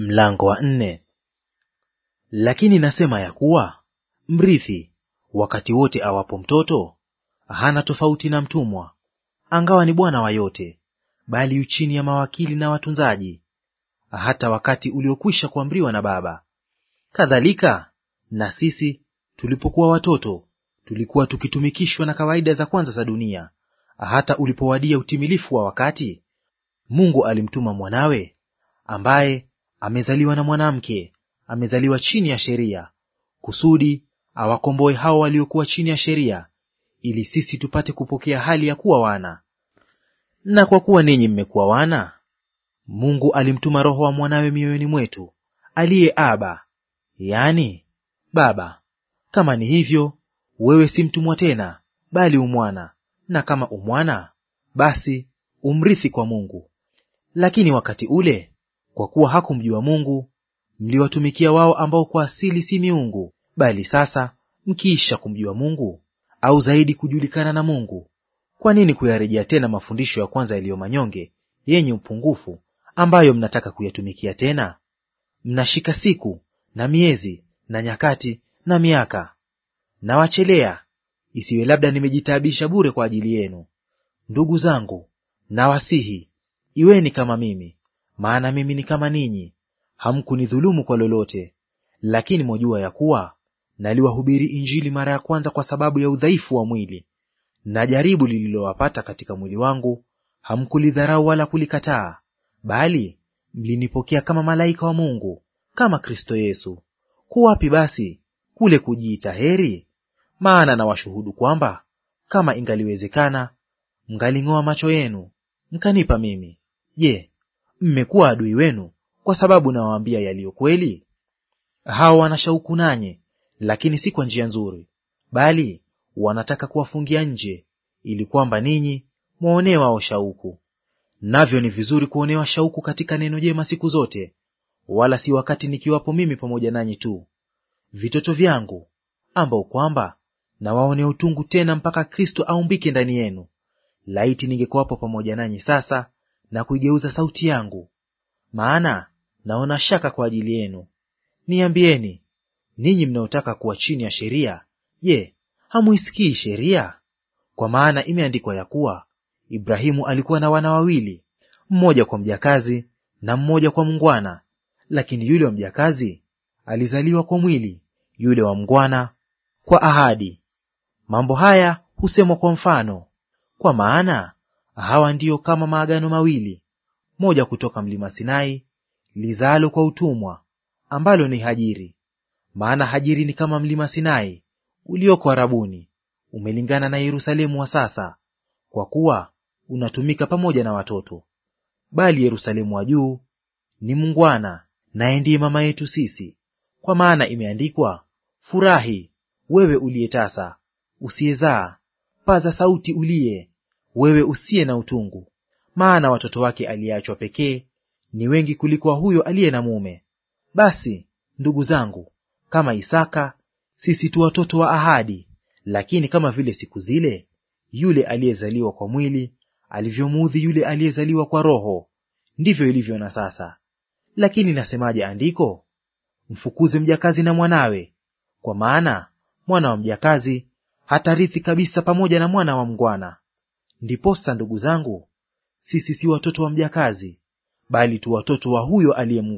Mlango wa nne. Lakini nasema ya kuwa mrithi wakati wote awapo mtoto hana tofauti na mtumwa, angawa ni bwana wa yote, bali yu chini ya mawakili na watunzaji, hata wakati uliokwisha kuamriwa na baba. Kadhalika na sisi tulipokuwa watoto, tulikuwa tukitumikishwa na kawaida za kwanza za dunia, hata ulipowadia utimilifu wa wakati, Mungu alimtuma mwanawe ambaye amezaliwa na mwanamke, amezaliwa chini ya sheria, kusudi awakomboe hao waliokuwa chini ya sheria, ili sisi tupate kupokea hali ya kuwa wana. Na kwa kuwa ninyi mmekuwa wana, Mungu alimtuma Roho wa mwanawe mioyoni mwetu, aliye Aba, yaani Baba. Kama ni hivyo, wewe si mtumwa tena, bali umwana; na kama umwana, basi umrithi kwa Mungu. Lakini wakati ule kwa kuwa hakumjua Mungu, mliwatumikia wao ambao kwa asili si miungu. Bali sasa mkiisha kumjua Mungu, au zaidi kujulikana na Mungu, kwa nini kuyarejea tena mafundisho ya kwanza yaliyo manyonge, yenye upungufu, ambayo mnataka kuyatumikia tena? Mnashika siku na miezi na nyakati na miaka. Nawachelea, isiwe labda nimejitaabisha bure kwa ajili yenu. Ndugu zangu, nawasihi iweni kama mimi, maana mimi ni kama ninyi, hamkunidhulumu kwa lolote. Lakini mwajua ya kuwa naliwahubiri Injili mara ya kwanza kwa sababu ya udhaifu wa mwili, na jaribu lililowapata katika mwili wangu hamkulidharau wala kulikataa, bali mlinipokea kama malaika wa Mungu, kama Kristo Yesu. Kuwapi basi kule kujiita heri? Maana nawashuhudu kwamba kama ingaliwezekana, mngaling'oa macho yenu mkanipa mimi. Je, mmekuwa adui wenu kwa sababu nawaambia yaliyo kweli? Hawa wana shauku nanye, lakini si kwa njia nzuri, bali wanataka kuwafungia nje, ili kwamba ninyi mwaonee wao shauku. Navyo ni vizuri kuonewa shauku katika neno jema siku zote, wala si wakati nikiwapo mimi pamoja nanyi tu, vitoto vyangu, ambao kwamba na waone utungu tena mpaka Kristo aumbike ndani yenu. Laiti ningekuwapo pamoja nanyi sasa, na kuigeuza sauti yangu, maana naona shaka kwa ajili yenu. Niambieni ninyi mnaotaka kuwa chini ya sheria, je, hamuisikii sheria? Kwa maana imeandikwa ya kuwa Ibrahimu alikuwa na wana wawili, mmoja kwa mjakazi na mmoja kwa mngwana. Lakini yule wa mjakazi alizaliwa kwa mwili, yule wa mngwana kwa ahadi. Mambo haya husemwa kwa mfano, kwa maana Hawa ndiyo kama maagano mawili, moja kutoka mlima Sinai lizalo kwa utumwa, ambalo ni Hajiri. Maana Hajiri ni kama mlima Sinai ulioko Arabuni, umelingana na Yerusalemu wa sasa, kwa kuwa unatumika pamoja na watoto. Bali Yerusalemu wa juu ni mungwana, naye ndiye mama yetu sisi, kwa maana imeandikwa, furahi wewe uliye tasa, usiyezaa; paza sauti ulie, wewe usiye na utungu, maana watoto wake aliyeachwa pekee ni wengi kuliko huyo aliye na mume. Basi ndugu zangu, kama Isaka sisi tu watoto wa ahadi. Lakini kama vile siku zile yule aliyezaliwa kwa mwili alivyomuudhi yule aliyezaliwa kwa roho, ndivyo ilivyo na sasa. Lakini nasemaje andiko? Mfukuze mjakazi na mwanawe, kwa maana mwana wa mjakazi hatarithi kabisa pamoja na mwana wa mngwana. Ndiposa ndugu zangu, sisi si watoto wa mjakazi, bali tu watoto wa huyo aliye